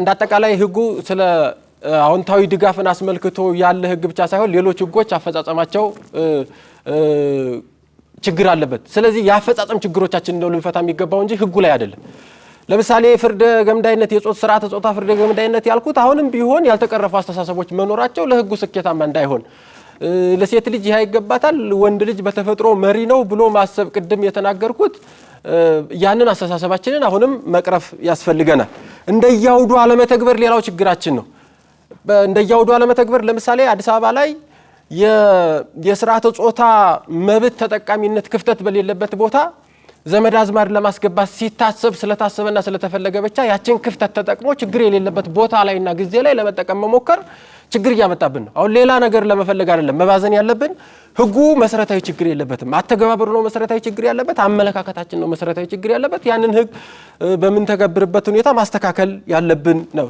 እንደ አጠቃላይ ህጉ ስለ አዎንታዊ ድጋፍን አስመልክቶ ያለ ህግ ብቻ ሳይሆን ሌሎች ህጎች አፈጻጸማቸው ችግር አለበት። ስለዚህ የአፈጻጸም ችግሮቻችን ነው ልንፈታ የሚገባው እንጂ ህጉ ላይ አይደለም። ለምሳሌ ፍርደ ገምዳይነት፣ የጾት ስርዓተ ጾታ ፍርደ ገምዳይነት ያልኩት አሁንም ቢሆን ያልተቀረፉ አስተሳሰቦች መኖራቸው ለህጉ ስኬታማ እንዳይሆን ለሴት ልጅ ይህ ይገባታል፣ ወንድ ልጅ በተፈጥሮ መሪ ነው ብሎ ማሰብ ቅድም የተናገርኩት ያንን አስተሳሰባችንን አሁንም መቅረፍ ያስፈልገናል። እንደያውዱ አለመተግበር ሌላው ችግራችን ነው። እንደያውዱ አለመተግበር ለምሳሌ አዲስ አበባ ላይ የስርዓተ ጾታ መብት ተጠቃሚነት ክፍተት በሌለበት ቦታ ዘመድ አዝማድ ለማስገባት ሲታሰብ ስለታሰበና ስለተፈለገ ብቻ ያችን ክፍተት ተጠቅሞ ችግር የሌለበት ቦታ ላይና ጊዜ ላይ ለመጠቀም መሞከር ችግር እያመጣብን ነው። አሁን ሌላ ነገር ለመፈለግ አይደለም መባዘን ያለብን። ህጉ መሰረታዊ ችግር የለበትም። አተገባበሩ ነው መሰረታዊ ችግር ያለበት፣ አመለካከታችን ነው መሰረታዊ ችግር ያለበት። ያንን ህግ በምንተገብርበት ሁኔታ ማስተካከል ያለብን ነው።